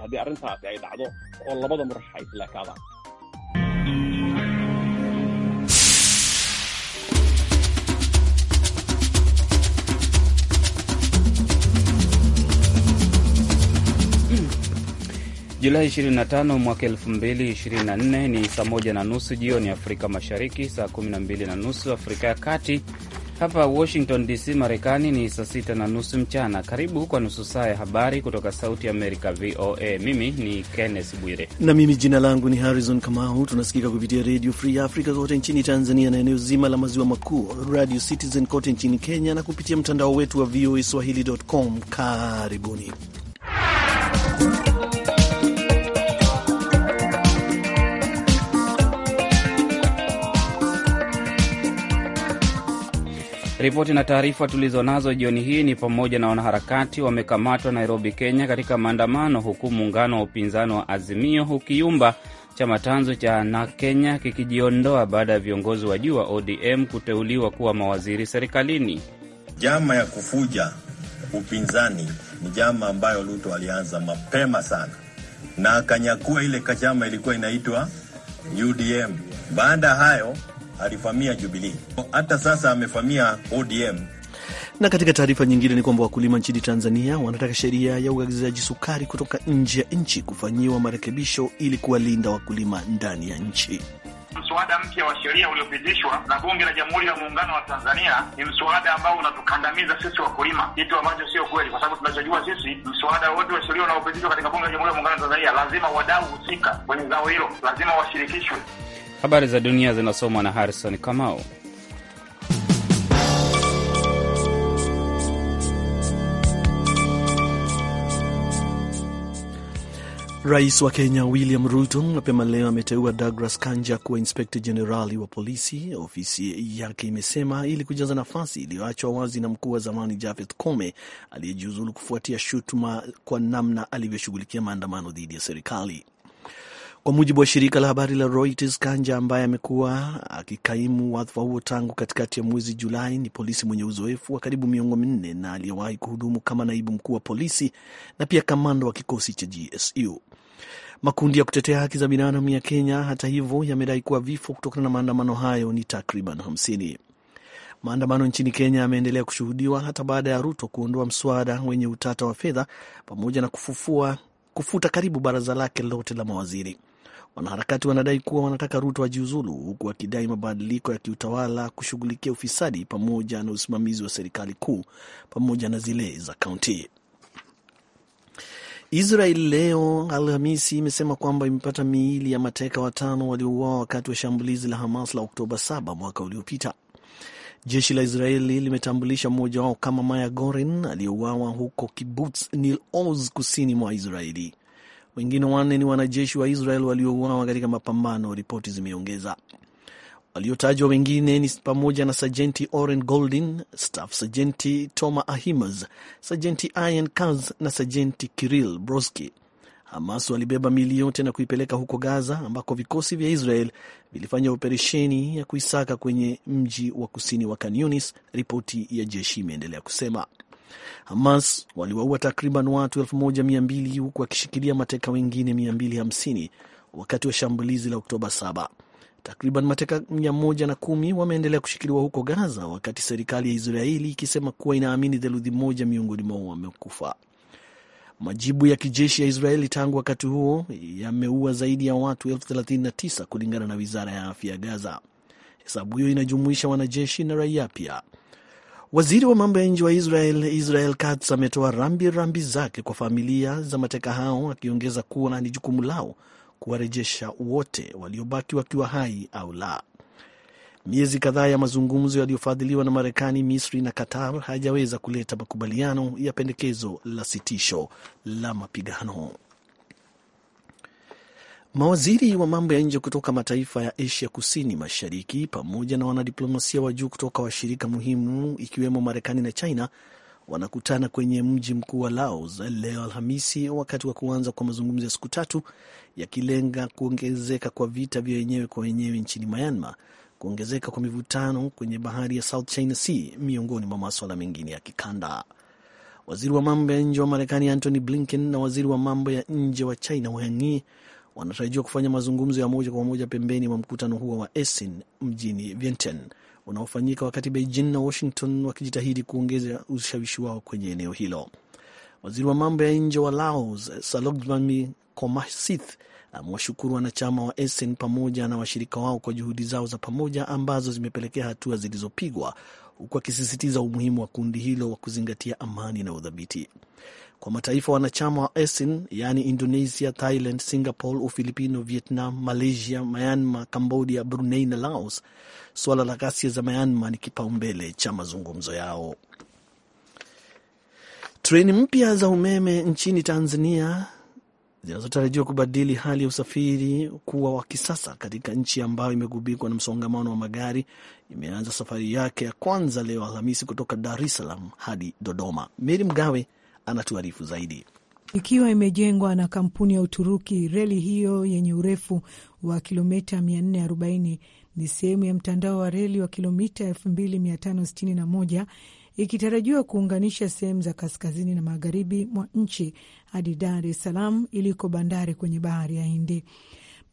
haddii arrintaasi ay dhacdo oo labada murax ay islaakaadaan Julai 25 mwaka 2024 ni saa moja na nusu jioni Afrika Mashariki, saa 12 na nusu Afrika ya Kati. Hapa Washington DC, Marekani ni saa sita na nusu mchana. Karibu kwa nusu saa ya habari kutoka Sauti Amerika, VOA. Mimi ni Kenneth Bwire na mimi jina langu ni Harrison Kamau. Tunasikika kupitia Radio Free Africa kote nchini Tanzania na eneo zima la maziwa makuu, Radio Citizen kote nchini Kenya na kupitia mtandao wetu wa VOA swahili.com. Karibuni Ripoti na taarifa tulizonazo jioni hii ni pamoja na wanaharakati wamekamatwa Nairobi, Kenya, katika maandamano, huku muungano wa upinzani wa Azimio ukiumba chama tanzo cha na Kenya kikijiondoa baada ya viongozi wa juu wa ODM kuteuliwa kuwa mawaziri serikalini. Jama ya kufuja upinzani ni jama ambayo Ruto alianza mapema sana na akanyakua ile kachama ilikuwa inaitwa UDM. Baada ya hayo alivamia Jubilee, hata sasa amevamia ODM. Na katika taarifa nyingine ni kwamba wakulima nchini Tanzania wanataka sheria ya uagizaji sukari kutoka nje ya nchi kufanyiwa marekebisho ili kuwalinda wakulima ndani ya nchi. Mswada mpya wa sheria uliopitishwa na Bunge la Jamhuri ya Muungano wa Tanzania ni mswada ambao unatukandamiza sisi wakulima, kitu ambacho sio kweli, kwa sababu tunachojua sisi, mswada wote wa sheria unaopitishwa katika Bunge la Jamhuri ya Muungano wa Tanzania, lazima wadau husika kwenye zao hilo lazima washirikishwe. Habari za dunia zinasomwa na Harrison Kamau. Rais wa Kenya William Ruto mapema leo ameteua Douglas Kanja kuwa inspekta jenerali wa polisi, ofisi yake imesema, ili kujaza nafasi iliyoachwa wazi na mkuu wa zamani Jafeth Kome aliyejiuzulu kufuatia shutuma kwa namna alivyoshughulikia maandamano dhidi ya serikali. Kwa mujibu wa shirika la habari la Reuters, Kanja ambaye amekuwa akikaimu wadhifa huo tangu katikati ya mwezi Julai ni polisi mwenye uzoefu wa karibu miongo minne na aliyewahi kuhudumu kama naibu mkuu wa polisi na pia kamanda wa kikosi cha GSU. Makundi ya kutetea haki za binadamu ya Kenya, hata hivyo, yamedai kuwa vifo kutokana na maandamano hayo ni takriban hamsini. Maandamano nchini Kenya yameendelea kushuhudiwa hata baada ya Ruto kuondoa mswada wenye utata wa fedha pamoja na kufufua, kufuta karibu baraza lake lote la mawaziri. Wanaharakati wanadai kuwa wanataka Ruto ajiuzulu wa huku wakidai mabadiliko ya kiutawala kushughulikia ufisadi pamoja na usimamizi wa serikali kuu pamoja na zile za kaunti. Israel leo Alhamisi imesema kwamba imepata miili ya mateka watano waliouawa wakati wa shambulizi la Hamas la Oktoba 7 mwaka uliopita. Jeshi la Israeli limetambulisha mmoja wao kama Maya Goren aliyeuawa huko Kibbutz Nil Oz kusini mwa Israeli. Wengine wanne ni wanajeshi wa Israel waliouawa katika mapambano, ripoti zimeongeza. Waliotajwa wengine ni pamoja na Sajenti Oren Goldin, Staff Sajenti Toma Ahimas, Sajenti Ian Kaz na Sajenti Kiril Broski. Hamas walibeba mili yote na kuipeleka huko Gaza ambako vikosi vya Israel vilifanya operesheni ya kuisaka kwenye mji wa kusini wa Khan ripoti ya jeshi imeendelea kusema. Hamas waliwaua takriban watu 1200 huku wakishikilia mateka wengine 250 wakati wa shambulizi la Oktoba 7. Takriban mateka 110 wameendelea kushikiliwa huko Gaza, wakati serikali ya Israeli ikisema kuwa inaamini theluthi moja miongoni mwao wamekufa. Majibu ya kijeshi ya Israeli tangu wakati huo yameua zaidi ya watu 39 kulingana na wizara ya afya ya Gaza. Hesabu hiyo inajumuisha wanajeshi na raia pia. Waziri wa mambo ya nje wa Israel Israel Katz ametoa rambi rambi zake kwa familia za mateka hao, akiongeza kuwa ni jukumu lao kuwarejesha wote waliobaki wakiwa hai au la. Miezi kadhaa ya mazungumzo yaliyofadhiliwa na Marekani, Misri na Qatar hayajaweza kuleta makubaliano ya pendekezo la sitisho la mapigano. Mawaziri wa mambo ya nje kutoka mataifa ya Asia Kusini Mashariki pamoja na wanadiplomasia wa juu kutoka washirika muhimu ikiwemo Marekani na China wanakutana kwenye mji mkuu wa Laos leo Alhamisi, wakati wa kuanza kwa mazungumzo ya siku tatu yakilenga kuongezeka kwa vita vya wenyewe kwa wenyewe nchini Myanmar, kuongezeka kwa mivutano kwenye bahari ya South China Sea, miongoni mwa maswala mengine ya kikanda. Waziri wa mambo ya nje wa Marekani Antony Blinken na waziri wa mambo ya nje wa China Wang Yi wanatarajiwa kufanya mazungumzo ya moja kwa moja pembeni mwa mkutano huo wa ESIN mjini Vientiane unaofanyika wakati Beijing na Washington wakijitahidi kuongeza ushawishi wao kwenye eneo hilo. Waziri wa mambo ya nje wa Laos Salogman Komasith amewashukuru wanachama wa ESIN pamoja na washirika wao kwa juhudi zao za pamoja ambazo zimepelekea hatua zilizopigwa, huku akisisitiza umuhimu wa kundi hilo wa kuzingatia amani na udhabiti kwa mataifa wanachama wa ASEAN yaani Indonesia, Thailand, Singapore, Ufilipino, Vietnam, Malaysia, Myanmar, Cambodia, Brunei na Laos. Suala la ghasia za Myanmar ni kipaumbele cha mazungumzo yao. Treni mpya za umeme nchini Tanzania zinazotarajiwa kubadili hali ya usafiri kuwa wa kisasa katika nchi ambayo imegubikwa na msongamano wa magari imeanza safari yake ya kwanza leo Alhamisi kutoka Dar es Salaam hadi Dodoma. Meri Mgawe anatuarifu zaidi. Ikiwa imejengwa na kampuni ya Uturuki, reli hiyo yenye urefu wa kilomita 440 ni sehemu ya mtandao wa reli wa kilomita 2561 ikitarajiwa kuunganisha sehemu za kaskazini na magharibi mwa nchi hadi Dar es Salaam iliko bandari kwenye bahari ya Hindi.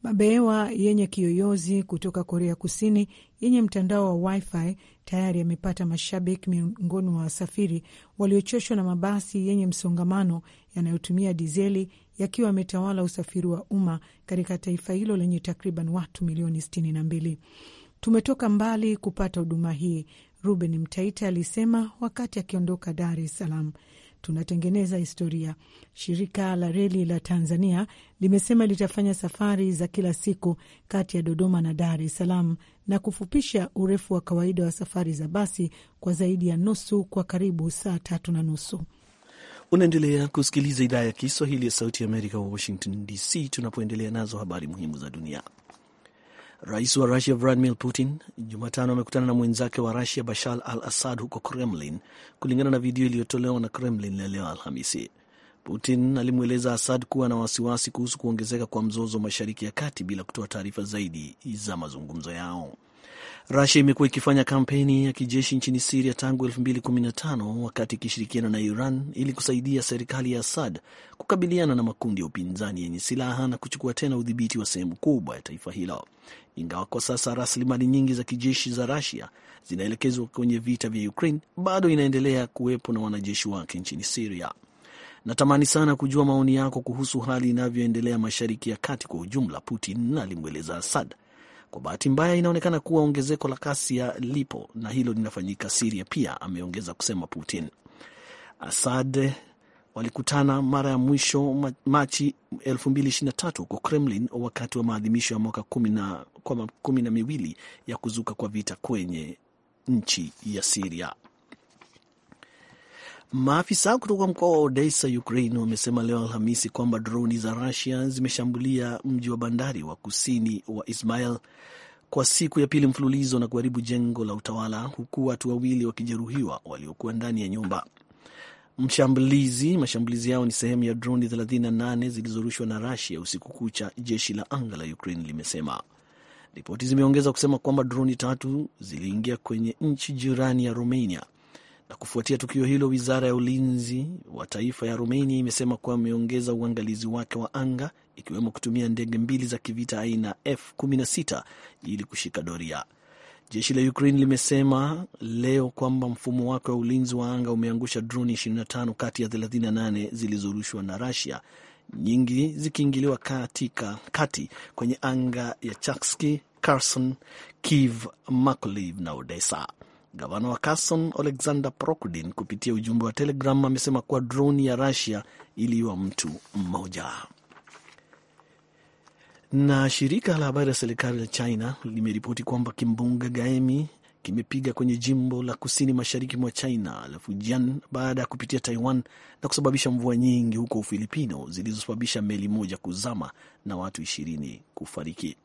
Mabehewa yenye kiyoyozi kutoka Korea Kusini yenye mtandao wa wifi tayari yamepata mashabiki miongoni mwa wasafiri waliochoshwa na mabasi yenye msongamano yanayotumia dizeli yakiwa yametawala usafiri wa umma katika taifa hilo lenye takriban watu milioni sitini na mbili. Tumetoka mbali kupata huduma hii, Ruben Mtaita alisema wakati akiondoka Dar es Salaam tunatengeneza historia. Shirika la reli la Tanzania limesema litafanya safari za kila siku kati ya Dodoma na Dar es Salaam na kufupisha urefu wa kawaida wa safari za basi kwa zaidi ya nusu kwa karibu saa tatu na nusu. Unaendelea kusikiliza idhaa ya Kiswahili ya Sauti ya Amerika, Washington DC, tunapoendelea nazo habari muhimu za dunia. Rais wa Rusia Vladimir Putin Jumatano amekutana na mwenzake wa Rusia Bashar al Assad huko Kremlin, kulingana na video iliyotolewa na Kremlin leo Alhamisi. Putin alimweleza Assad kuwa na wasiwasi kuhusu kuongezeka kwa mzozo mashariki ya kati bila kutoa taarifa zaidi za mazungumzo yao. Rusia imekuwa ikifanya kampeni ya kijeshi nchini Siria tangu 2015 wakati ikishirikiana na Iran ili kusaidia serikali ya Assad kukabiliana na makundi ya upinzani yenye silaha na kuchukua tena udhibiti wa sehemu kubwa ya taifa hilo. Ingawa kwa sasa rasilimali nyingi za kijeshi za Rusia zinaelekezwa kwenye vita vya Ukraine, bado inaendelea kuwepo na wanajeshi wake nchini Siria. Natamani sana kujua maoni yako kuhusu hali inavyoendelea Mashariki ya Kati kwa ujumla, Putin alimweleza Assad kwa bahati mbaya, inaonekana kuwa ongezeko la ya lipo na hilo linafanyika Siria pia, ameongeza kusema Putin. Assad walikutana mara ya mwisho Machi 2023 huko Kremlin wakati wa maadhimisho ya mwaka kumi na miwili ya kuzuka kwa vita kwenye nchi ya Siria. Maafisa kutoka mkoa wa Odessa, Ukraine, wamesema leo Alhamisi kwamba droni za Rusia zimeshambulia mji wa bandari wa kusini wa Ismail kwa siku ya pili mfululizo na kuharibu jengo la utawala, huku watu wawili wakijeruhiwa waliokuwa ndani ya nyumba. Mshambulizi mashambulizi yao ni sehemu ya droni 38 zilizorushwa na Rusia usiku kucha, jeshi la anga la Ukraine limesema. Ripoti zimeongeza kusema kwamba droni tatu ziliingia kwenye nchi jirani ya Romania na kufuatia tukio hilo, wizara ya ulinzi wa taifa ya Romania imesema kuwa ameongeza uangalizi wake wa anga, ikiwemo kutumia ndege mbili za kivita aina F16 ili kushika doria. Jeshi la Ukraine limesema leo kwamba mfumo wake wa ulinzi wa anga umeangusha droni 25 kati ya 38 zilizorushwa na Russia, nyingi zikiingiliwa katika kati kwenye anga ya Chakski, Kherson, Kiev, Mykolaiv na Odessa. Gavana wa Kherson Alexander Prokudin kupitia ujumbe wa Telegram amesema kuwa droni ya Russia iliua mtu mmoja. Na shirika la habari la serikali la China limeripoti kwamba kimbunga Gaemi kimepiga kwenye jimbo la kusini mashariki mwa China la Fujian baada ya kupitia Taiwan na kusababisha mvua nyingi huko Ufilipino zilizosababisha meli moja kuzama na watu ishirini kufariki.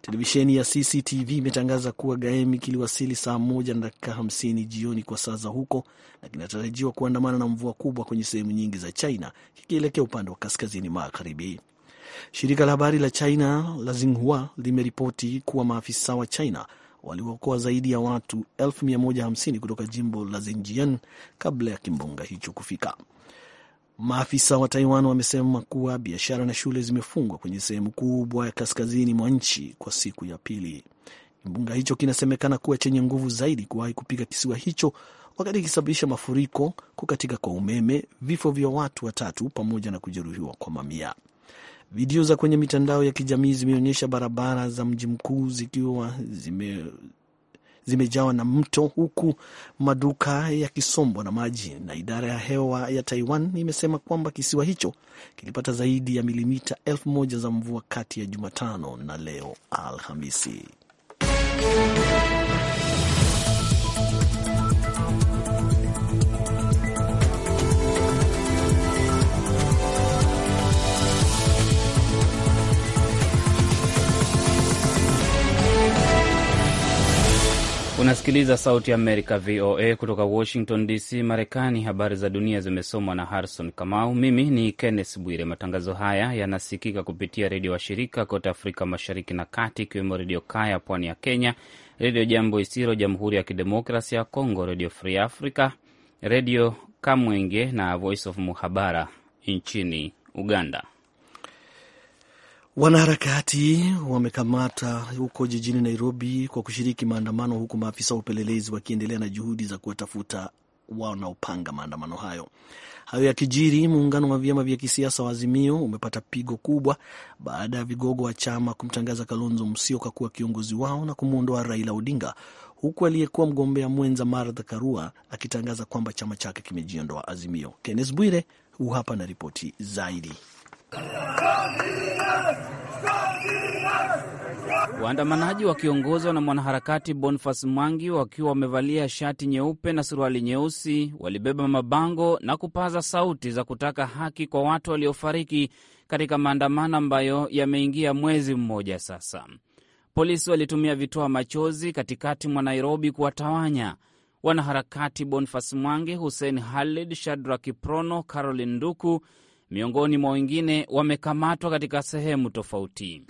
Televisheni ya CCTV imetangaza kuwa Gaemi kiliwasili saa moja na dakika hamsini jioni kwa saa za huko na kinatarajiwa kuandamana na mvua kubwa kwenye sehemu nyingi za China kikielekea upande wa kaskazini magharibi. Shirika la habari la China la Xinhua limeripoti kuwa maafisa wa China waliokoa zaidi ya watu 150 kutoka jimbo la Zinjian kabla ya kimbunga hicho kufika. Maafisa wa Taiwan wamesema kuwa biashara na shule zimefungwa kwenye sehemu kubwa ya kaskazini mwa nchi kwa siku ya pili. Kimbunga hicho kinasemekana kuwa chenye nguvu zaidi kuwahi kupiga kisiwa hicho, wakati ikisababisha mafuriko, kukatika kwa umeme, vifo vya watu watatu, pamoja na kujeruhiwa kwa mamia. Video za kwenye mitandao ya kijamii zimeonyesha barabara za mji mkuu zikiwa zime, zimejawa na mto, huku maduka yakisombwa na maji, na idara ya hewa ya Taiwan imesema kwamba kisiwa hicho kilipata zaidi ya milimita elfu moja za mvua kati ya Jumatano na leo Alhamisi. Unasikiliza Sauti ya Amerika, VOA, kutoka Washington DC, Marekani. Habari za dunia zimesomwa na Harrison Kamau. Mimi ni Kenneth Bwire. Matangazo haya yanasikika kupitia redio washirika kote Afrika Mashariki na Kati, ikiwemo Redio Kaya pwani ya Kenya, Redio Jambo Isiro Jamhuri ya kidemokrasia ya Congo, Redio Free Africa, Redio Kamwenge na Voice of Muhabara nchini Uganda. Wanaharakati wamekamata huko jijini Nairobi kwa kushiriki maandamano, huku maafisa wa upelelezi wakiendelea na juhudi za kuwatafuta wanaopanga maandamano hayo. Hayo ya kijiri muungano wa vyama vya kisiasa wa Azimio umepata pigo kubwa baada ya vigogo wa chama kumtangaza Kalonzo Musyoka kuwa kiongozi wao na kumwondoa Raila Odinga, huku aliyekuwa mgombea mwenza Martha Karua akitangaza kwamba chama chake kimejiondoa Azimio. Kennes Bwire hu hapa na ripoti zaidi. Waandamanaji wakiongozwa na mwanaharakati Boniface Mwangi wakiwa wamevalia shati nyeupe na suruali nyeusi walibeba mabango na kupaza sauti za kutaka haki kwa watu waliofariki katika maandamano ambayo yameingia mwezi mmoja sasa. Polisi walitumia vitoa machozi katikati mwa Nairobi kuwatawanya wanaharakati Boniface Mwangi, Hussein Khalid, Shadrack Kiprono, Caroline Nduku miongoni mwa wengine wamekamatwa katika sehemu tofauti.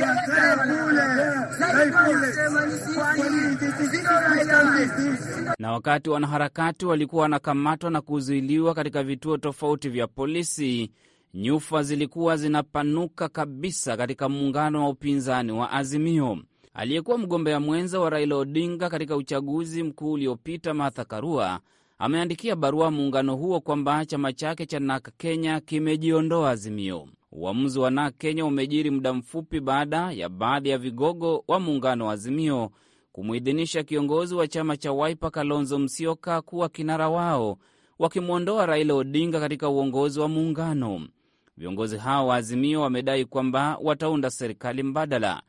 Na wakati wanaharakati walikuwa wanakamatwa na kuzuiliwa katika vituo tofauti vya polisi, nyufa zilikuwa zinapanuka kabisa katika muungano wa upinzani wa Azimio. Aliyekuwa mgombea mwenza wa Raila Odinga katika uchaguzi mkuu uliopita, Martha Karua ameandikia barua muungano huo kwamba chama chake cha NAK Kenya kimejiondoa Azimio. Uamuzi wa NAK Kenya umejiri muda mfupi baada ya baadhi ya vigogo wa muungano wa Azimio kumwidhinisha kiongozi wa chama cha Waipa Kalonzo Musyoka kuwa kinara wao, wakimwondoa Raila Odinga katika uongozi wa muungano. Viongozi hao wa Azimio wamedai kwamba wataunda serikali mbadala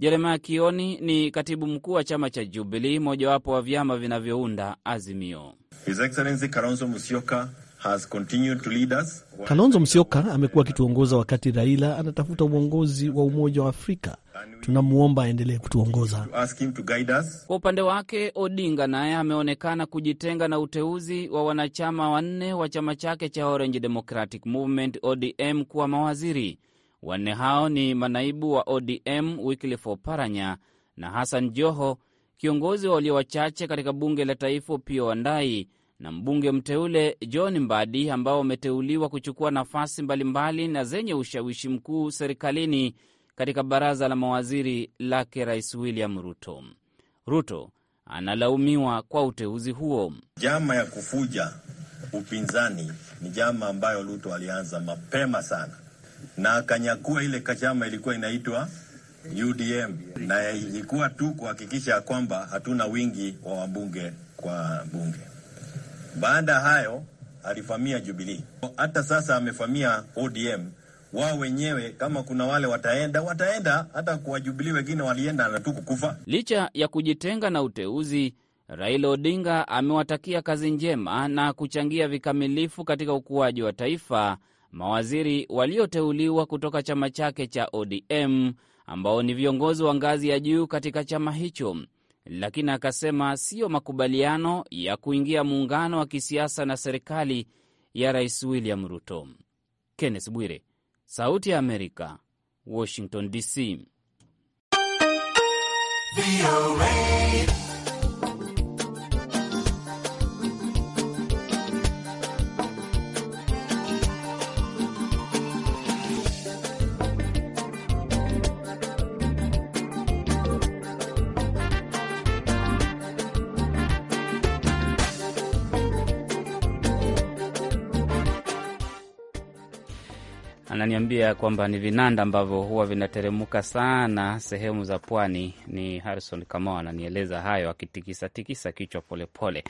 jeremaya Kioni ni katibu mkuu wa chama cha Jubilii, mojawapo wa vyama vinavyounda Azimio. Kalonzo Kalonzo Musyoka amekuwa akituongoza wakati Raila anatafuta uongozi wa Umoja wa Afrika. Tunamwomba aendelee kutuongoza. Kwa upande wake, Odinga naye ameonekana kujitenga na uteuzi wa wanachama wanne wa chama chake cha Orange Democratic Movement ODM kuwa mawaziri. Wanne hao ni manaibu wa ODM Wycliffe Oparanya na Hassan Joho, kiongozi wa walio wachache katika bunge la taifa Opiyo Wandayi na mbunge mteule John Mbadi, ambao wameteuliwa kuchukua nafasi mbalimbali na zenye ushawishi mkuu serikalini katika baraza la mawaziri lake Rais William Ruto. Ruto analaumiwa kwa uteuzi huo. Njama ya kufuja upinzani ni njama ambayo Ruto alianza mapema sana na akanyakua ile kachama ilikuwa inaitwa UDM na ilikuwa tu kuhakikisha kwamba hatuna wingi wa wabunge kwa bunge. Baada ya hayo alifamia Jubilee, hata sasa amefamia ODM. Wao wenyewe kama kuna wale wataenda wataenda, hata kwa Jubilee wengine walienda na tu kukufa. Licha ya kujitenga na uteuzi, Raila Odinga amewatakia kazi njema na kuchangia vikamilifu katika ukuaji wa taifa mawaziri walioteuliwa kutoka chama chake cha ODM ambao ni viongozi wa ngazi ya juu katika chama hicho, lakini akasema siyo makubaliano ya kuingia muungano wa kisiasa na serikali ya Rais William Ruto. Kenneth Bwire, Sauti ya Amerika, Washington DC. ananiambia kwamba ni vinanda ambavyo huwa vinateremka sana sehemu za pwani. Ni Harrison Kamau ananieleza hayo akitikisatikisa kichwa polepole.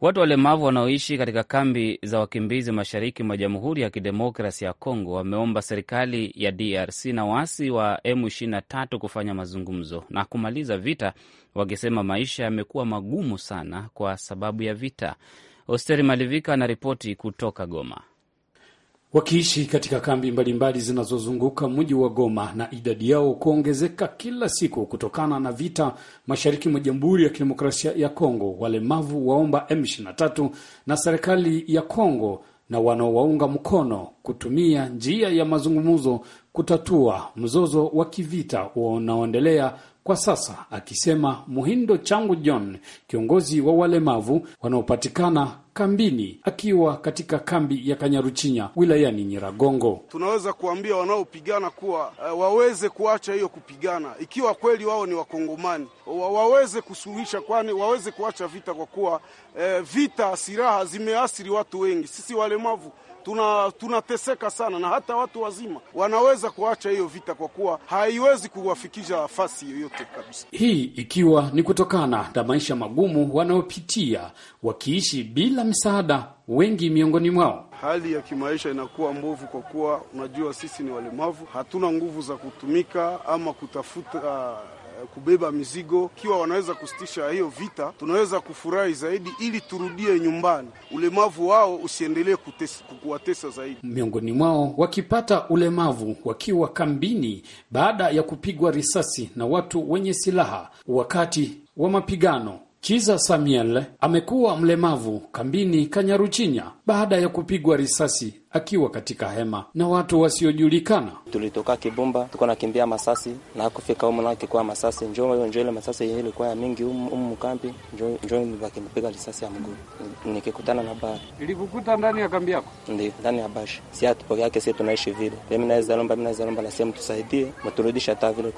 Watu walemavu wanaoishi katika kambi za wakimbizi mashariki mwa Jamhuri ya Kidemokrasi ya Kongo wameomba serikali ya DRC na waasi wa M23 kufanya mazungumzo na kumaliza vita, wakisema maisha yamekuwa magumu sana kwa sababu ya vita. Osteri Malivika anaripoti kutoka Goma wakiishi katika kambi mbalimbali zinazozunguka mji wa Goma na idadi yao kuongezeka kila siku kutokana na vita mashariki mwa Jamhuri ya Kidemokrasia ya Kongo. Walemavu waomba M23 na serikali ya Kongo na wanaowaunga mkono kutumia njia ya mazungumzo kutatua mzozo wa kivita unaoendelea kwa sasa, akisema Muhindo Changu John, kiongozi wa walemavu wanaopatikana kambini, akiwa katika kambi ya Kanyaruchinya wilayani Nyiragongo. Tunaweza kuambia wanaopigana kuwa uh, waweze kuacha hiyo kupigana, ikiwa kweli wao ni Wakongomani, waweze kusuluhisha, kwani waweze kuacha vita, kwa kuwa uh, vita, silaha zimeathiri watu wengi, sisi walemavu tunateseka tuna sana, na hata watu wazima wanaweza kuacha hiyo vita kwa kuwa haiwezi kuwafikisha nafasi yoyote kabisa. Hii ikiwa ni kutokana na maisha magumu wanaopitia wakiishi bila msaada, wengi miongoni mwao hali ya kimaisha inakuwa mbovu, kwa kuwa unajua sisi ni walemavu, hatuna nguvu za kutumika ama kutafuta kubeba mizigo. Ikiwa wanaweza kusitisha hiyo vita, tunaweza kufurahi zaidi, ili turudie nyumbani, ulemavu wao usiendelee kuwatesa zaidi. Miongoni mwao wakipata ulemavu wakiwa kambini baada ya kupigwa risasi na watu wenye silaha wakati wa mapigano. Chiza Samuel amekuwa mlemavu kambini Kanyaruchinya baada ya kupigwa risasi akiwa katika hema na watu wasiojulikana. Tulitoka Kibumba, tuko nakimbia masasi na kufika humu na kikuwa masasi njo njo ile masasi yenyewe ilikuwa ya mingi humu mkambi, njo njo wakinipiga risasi ya mguu nikikutana na bari. Ilikukuta ndani ya kambi yako? Ndio, ndani ya bashi. Si hatupokea yake, si tunaishi vile mimi naweza lomba, mimi naweza lomba, na sehemu tusaidie, maturudisha hata vile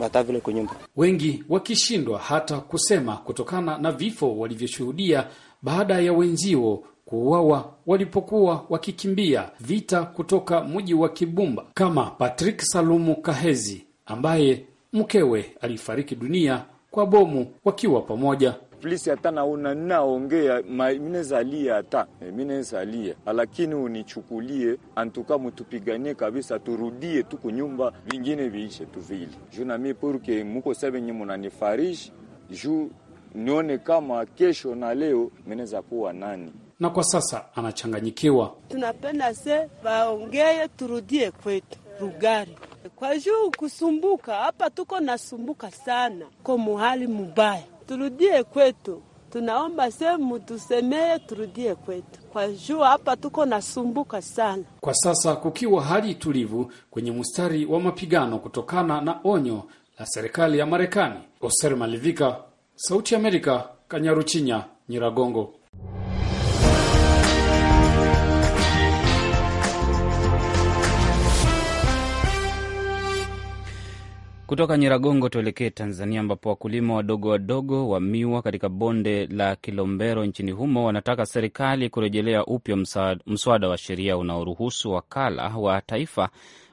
hata vile kunyumba. Wengi wakishindwa hata kusema kutokana na vifo walivyoshuhudia baada ya wenzio kuuawa walipokuwa wakikimbia vita kutoka mji wa Kibumba, kama Patrick Salumu Kahezi ambaye mkewe alifariki dunia kwa bomu wakiwa pamoja. Polisi hata naona ninaongea minezalia hata eh, minezalia, lakini unichukulie antuka, mutupiganie kabisa, turudie tuku nyumba vingine viishe tuvili vile juu nami purke muko sevenye munanifarishi juu nione kama kesho na leo mineza kuwa nani na kwa sasa anachanganyikiwa. Tunapenda se waongee, turudie kwetu Rugari kwa juu kusumbuka hapa, tuko nasumbuka sana ko muhali mubaya, turudie kwetu. Tunaomba se mutusemee, turudie kwetu kwa juu hapa tuko nasumbuka sana. Kwa sasa kukiwa hali tulivu kwenye mstari wa mapigano kutokana na onyo la serikali ya Marekani. Oser Malivika, Sauti ya Amerika, Kanyaruchinya, Nyiragongo. Kutoka Nyiragongo tuelekee Tanzania, ambapo wakulima wadogo wadogo wa miwa katika bonde la Kilombero nchini humo wanataka serikali kurejelea upya mswada wa sheria unaoruhusu wakala wa taifa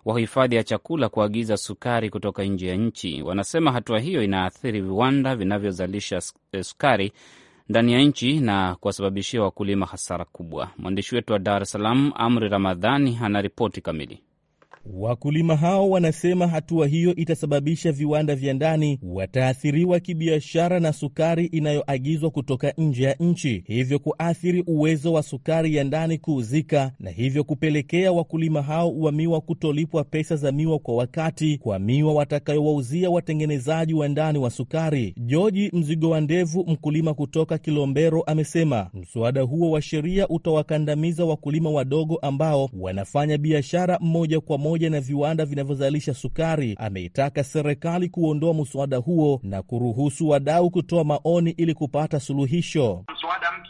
wa hifadhi ya chakula kuagiza sukari kutoka nje ya nchi. Wanasema hatua hiyo inaathiri viwanda vinavyozalisha e, sukari ndani ya nchi na kuwasababishia wakulima hasara kubwa. Mwandishi wetu wa Dar es Salaam, Amri Ramadhani, ana ripoti kamili. Wakulima hao wanasema hatua hiyo itasababisha viwanda vya ndani wataathiriwa kibiashara na sukari inayoagizwa kutoka nje ya nchi, hivyo kuathiri uwezo wa sukari ya ndani kuuzika na hivyo kupelekea wakulima hao wa miwa kutolipwa pesa za miwa kwa wakati kwa miwa watakayowauzia watengenezaji wa ndani wa sukari. Joji Mzigo wa Ndevu, mkulima kutoka Kilombero, amesema mswada huo wa sheria utawakandamiza wakulima wadogo ambao wanafanya biashara moja kwa moja pamoja na viwanda vinavyozalisha sukari, ameitaka serikali kuondoa mswada huo na kuruhusu wadau kutoa maoni ili kupata suluhisho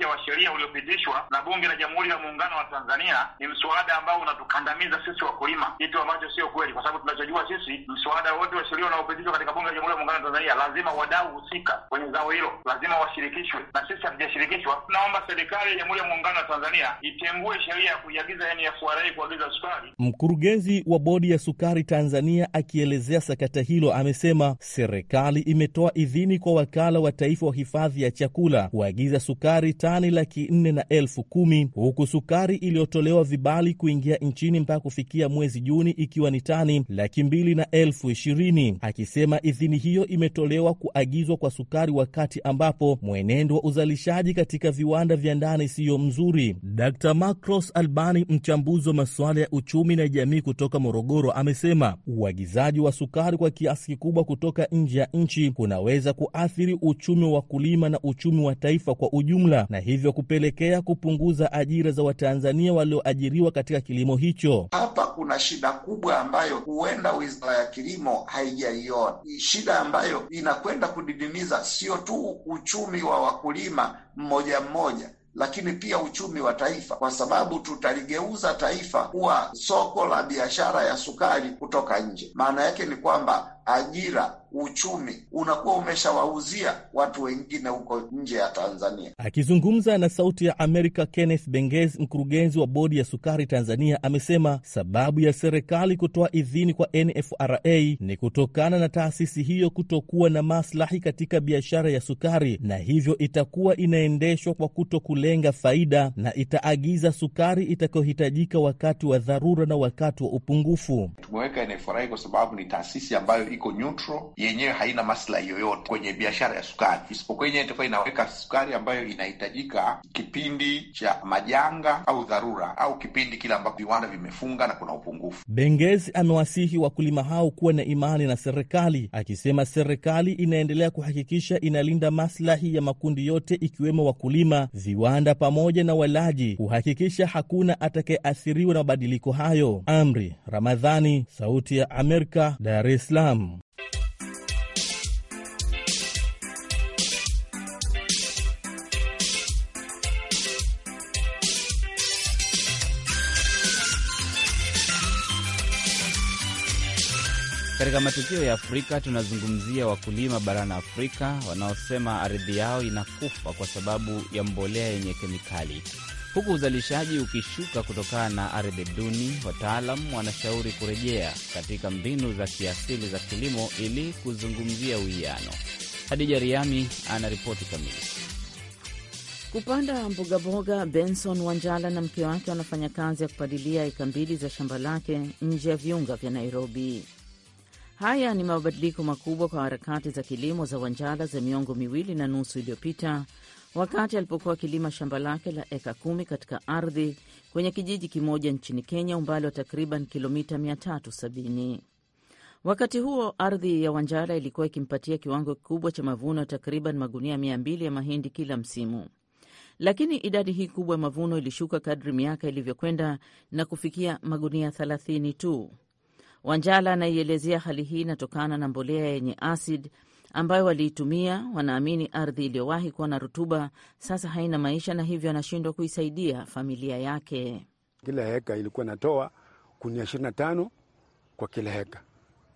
mpya wa sheria uliopitishwa na Bunge la Jamhuri ya Muungano wa Tanzania ni mswada ambao unatukandamiza sisi wakulima, kitu ambacho sio kweli, kwa sababu tunachojua sisi, mswada wote wa sheria unaopitishwa katika Bunge la Jamhuri ya Muungano wa Tanzania, lazima wadau husika kwenye zao hilo lazima washirikishwe, na sisi hatujashirikishwa. Tunaomba serikali ya Jamhuri ya Muungano wa Tanzania itengue sheria ya kuiagiza, yaani FRA kuagiza sukari. Mkurugenzi wa Bodi ya Sukari Tanzania akielezea sakata hilo amesema serikali imetoa idhini kwa wakala wa taifa wa hifadhi ya chakula kuagiza sukari ta tani laki nne na elfu kumi huku sukari iliyotolewa vibali kuingia nchini mpaka kufikia mwezi Juni ikiwa ni tani laki mbili na elfu ishirini akisema idhini hiyo imetolewa kuagizwa kwa sukari wakati ambapo mwenendo wa uzalishaji katika viwanda vya ndani siyo mzuri. Dr Macros Albani, mchambuzi wa masuala ya uchumi na jamii kutoka Morogoro, amesema uagizaji wa sukari kwa kiasi kikubwa kutoka nje ya nchi kunaweza kuathiri uchumi wa wakulima na uchumi wa taifa kwa ujumla na hivyo kupelekea kupunguza ajira za Watanzania walioajiriwa katika kilimo hicho. Hapa kuna shida kubwa ambayo huenda wizara ya kilimo haijaiona, shida ambayo inakwenda kudidimiza sio tu uchumi wa wakulima mmoja mmoja lakini pia uchumi wa taifa, kwa sababu tutaligeuza taifa kuwa soko la biashara ya sukari kutoka nje. Maana yake ni kwamba ajira, uchumi unakuwa umeshawauzia watu wengine huko nje ya Tanzania. Akizungumza na Sauti ya Amerika, Kenneth Bengez, mkurugenzi wa bodi ya sukari Tanzania, amesema sababu ya serikali kutoa idhini kwa NFRA ni kutokana na taasisi hiyo kutokuwa na maslahi katika biashara ya sukari, na hivyo itakuwa inaendeshwa kwa kutokulenga faida na itaagiza sukari itakayohitajika wakati wa dharura na wakati wa upungufu. Tumeweka NFRA kwa sababu ni taasisi ambayo iko neutral, yenyewe haina maslahi yoyote kwenye biashara ya sukari, isipokuwa yenyewe itakuwa inaweka sukari ambayo inahitajika kipindi cha majanga au dharura au kipindi kile ambapo viwanda vimefunga na kuna upungufu. Bengezi amewasihi wakulima hao kuwa na imani na serikali, akisema serikali inaendelea kuhakikisha inalinda maslahi ya makundi yote ikiwemo wakulima, viwanda pamoja na walaji, kuhakikisha hakuna atakayeathiriwa na mabadiliko hayo. Amri Ramadhani, Sauti ya Amerika, Dar es Salaam. Katika matukio ya Afrika tunazungumzia wakulima barani Afrika wanaosema ardhi yao inakufa kwa sababu ya mbolea yenye kemikali, huku uzalishaji ukishuka kutokana na ardhi duni. Wataalam wanashauri kurejea katika mbinu za kiasili za kilimo ili kuzungumzia uwiano. Hadija Riami anaripoti kamili. Kupanda mbogamboga, Benson Wanjala na mke wake wanafanya kazi ya kupalilia eka mbili za shamba lake nje ya viunga vya Nairobi. Haya ni mabadiliko makubwa kwa harakati za kilimo za Wanjala za miongo miwili na nusu iliyopita, wakati alipokuwa akilima shamba lake la eka kumi katika ardhi kwenye kijiji kimoja nchini Kenya, umbali wa takriban kilomita 370. Wakati huo ardhi ya Wanjala ilikuwa ikimpatia kiwango kikubwa cha mavuno ya takriban magunia 200 ya mahindi kila msimu, lakini idadi hii kubwa ya mavuno ilishuka kadri miaka ilivyokwenda na kufikia magunia 30 tu. Wanjala anaielezea hali hii inatokana na mbolea yenye asidi ambayo waliitumia. Wanaamini ardhi iliyowahi kuwa na rutuba sasa haina maisha, na hivyo anashindwa kuisaidia familia yake. Kila heka ilikuwa natoa kunia ishirini na tano kwa kila heka,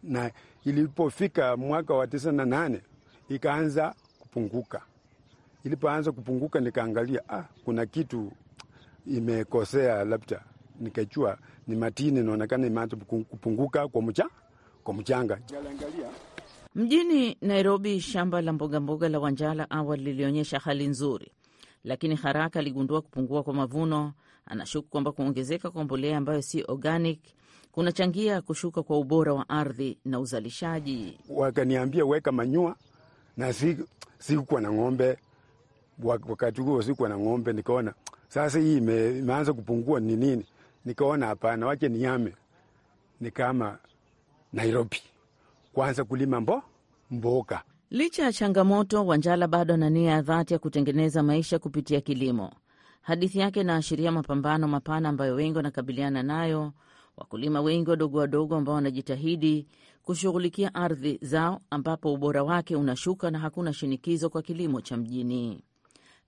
na ilipofika mwaka wa tisini na nane ikaanza kupunguka. Ilipoanza kupunguka, nikaangalia ah, kuna kitu imekosea, labda nikajua ni matini, inaonekana imeanza kupunguka kwa mcha, kwa mchanga. Mjini Nairobi, shamba la mbogamboga la Wanjala awali lilionyesha hali nzuri, lakini haraka aligundua kupungua kwa mavuno. Anashuku kwamba kuongezeka kwa mbolea ambayo si organic kunachangia kushuka kwa ubora wa ardhi na uzalishaji. Wakaniambia weka manyua na sikuwa na ng'ombe wakati huo, sikuwa na ng'ombe. Nikaona sasa hii imeanza kupungua, ni nini? nikaona hapana, wache niame, nikama Nairobi kwanza kulima mbo mboga. Licha ya changamoto, Wanjala bado ana nia ya dhati ya kutengeneza maisha kupitia kilimo. Hadithi yake inaashiria mapambano mapana ambayo wengi wanakabiliana nayo, wakulima wengi wadogo wadogo ambao wanajitahidi kushughulikia ardhi zao, ambapo ubora wake unashuka na hakuna shinikizo kwa kilimo cha mjini.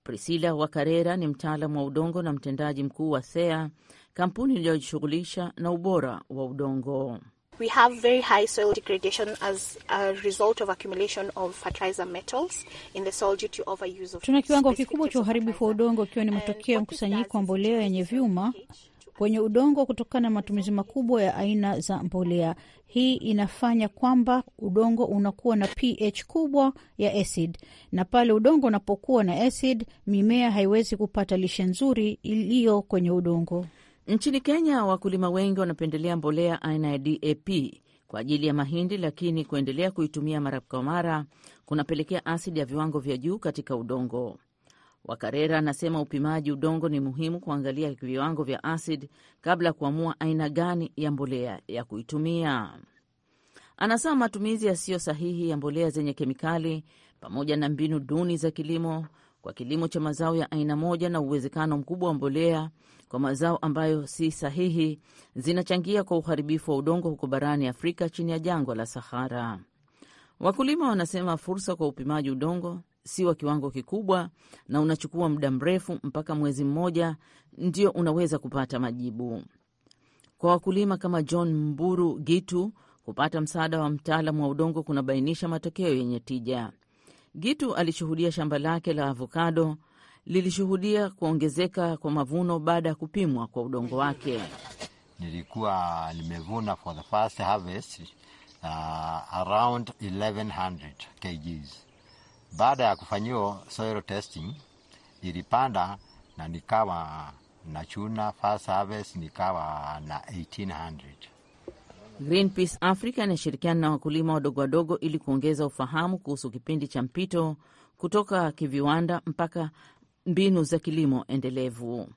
Priscilla Wakarera ni mtaalamu wa udongo na mtendaji mkuu wa SEA kampuni iliyojishughulisha na ubora wa udongo. We have very high soil degradation as a result of accumulation of fertilizer metals in the soil due to overuse of. Tuna kiwango kikubwa cha uharibifu wa udongo ikiwa ni uh, matokeo ya mkusanyiko wa mbolea yenye vyuma kwenye udongo kutokana na matumizi makubwa ya aina za mbolea. Hii inafanya kwamba udongo unakuwa na pH kubwa ya acid, na pale udongo unapokuwa na acid, mimea haiwezi kupata lishe nzuri iliyo kwenye udongo. Nchini Kenya, wakulima wengi wanapendelea mbolea aina ya DAP kwa ajili ya mahindi, lakini kuendelea kuitumia mara kwa mara kunapelekea asidi ya viwango vya juu katika udongo. Wakarera anasema upimaji udongo ni muhimu kuangalia viwango vya asidi kabla ya kuamua aina gani ya mbolea ya kuitumia. Anasema matumizi yasiyo sahihi ya mbolea zenye kemikali pamoja na mbinu duni za kilimo kwa kilimo cha mazao ya aina moja na uwezekano mkubwa wa mbolea kwa mazao ambayo si sahihi zinachangia kwa uharibifu wa udongo huko barani Afrika chini ya jangwa la Sahara. Wakulima wanasema fursa kwa upimaji udongo si wa kiwango kikubwa na unachukua muda mrefu, mpaka mwezi mmoja ndio unaweza kupata majibu. Kwa wakulima kama John Mburu Gitu, kupata msaada wa mtaalamu wa udongo kunabainisha matokeo yenye tija. Gitu alishuhudia shamba lake la avokado lilishuhudia kuongezeka kwa mavuno baada ya kupimwa kwa udongo wake. Nilikuwa nimevuna for the first harvest uh, around 1100 kgs. Baada ya kufanyiwa soil testing nilipanda na nikawa nachuna first harvest nikawa na 1800 Greenpeace Africa inashirikiana na wakulima wadogo wadogo ili kuongeza ufahamu kuhusu kipindi cha mpito kutoka kiviwanda mpaka mbinu za kilimo endelevu.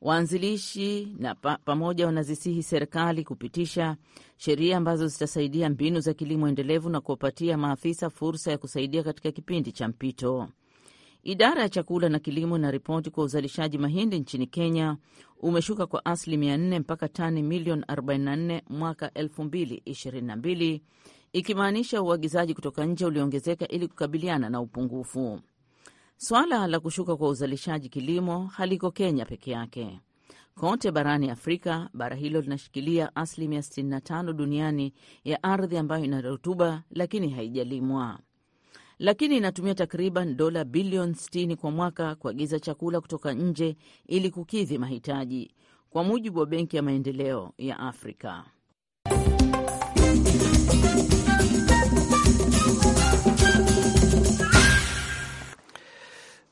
Waanzilishi na pa, pamoja wanazisihi serikali kupitisha sheria ambazo zitasaidia mbinu za kilimo endelevu na kuwapatia maafisa fursa ya kusaidia katika kipindi cha mpito. Idara ya chakula na kilimo na ripoti kwa uzalishaji mahindi nchini Kenya umeshuka kwa asilimia 4 mpaka tani milioni 44 mwaka 2022 ikimaanisha uagizaji kutoka nje ulioongezeka ili kukabiliana na upungufu. Swala la kushuka kwa uzalishaji kilimo haliko Kenya peke yake. Kote barani Afrika, bara hilo linashikilia asilimia 65 duniani ya ardhi ambayo ina rutuba lakini haijalimwa lakini inatumia takriban dola bilioni 60 kwa mwaka kuagiza chakula kutoka nje ili kukidhi mahitaji, kwa mujibu wa Benki ya Maendeleo ya Afrika.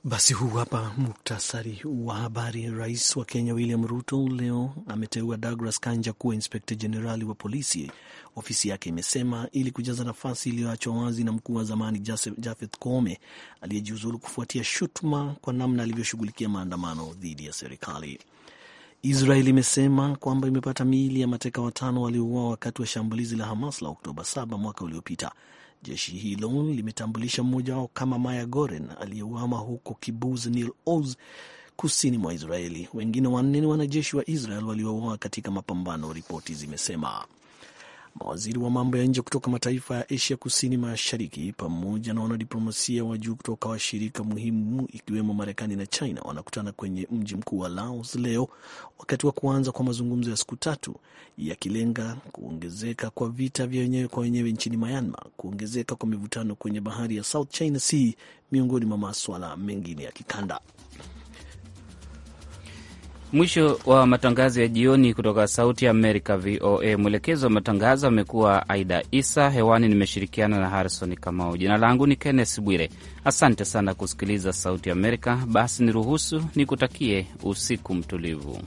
Basi huu hapa muktasari wa habari. Rais wa Kenya William Ruto leo ameteua Douglas Kanja kuwa inspekta jenerali wa polisi, ofisi yake imesema, ili kujaza nafasi iliyoachwa wazi na mkuu wa zamani Jafeth Koome aliyejiuzulu kufuatia shutuma kwa namna alivyoshughulikia maandamano dhidi ya serikali. Israel imesema kwamba imepata miili ya mateka watano waliouawa wakati wa shambulizi la Hamas la Oktoba 7 mwaka uliopita Jeshi hilo limetambulisha mmoja wao kama Maya Goren aliyeuama huko kibuz Nil Oz kusini mwa Israeli. Wengine wanne ni wanajeshi wa Israel waliouawa katika mapambano, ripoti zimesema mawaziri wa mambo ya nje kutoka mataifa ya Asia kusini mashariki pamoja na wanadiplomasia wa juu kutoka washirika muhimu ikiwemo Marekani na China wanakutana kwenye mji mkuu wa Laos leo wakati wa kuanza kwa mazungumzo ya siku tatu yakilenga kuongezeka kwa vita vya wenyewe kwa wenyewe nchini Myanmar, kuongezeka kwa mivutano kwenye bahari ya South China Sea, miongoni mwa maswala mengine ya kikanda. Mwisho wa matangazo ya jioni kutoka Sauti ya Amerika, VOA. Mwelekezi wa matangazo amekuwa Aida Isa. Hewani nimeshirikiana na Harrison Kamau. Jina langu ni kennes Bwire. Asante sana kusikiliza Sauti Amerika. Basi niruhusu nikutakie usiku mtulivu.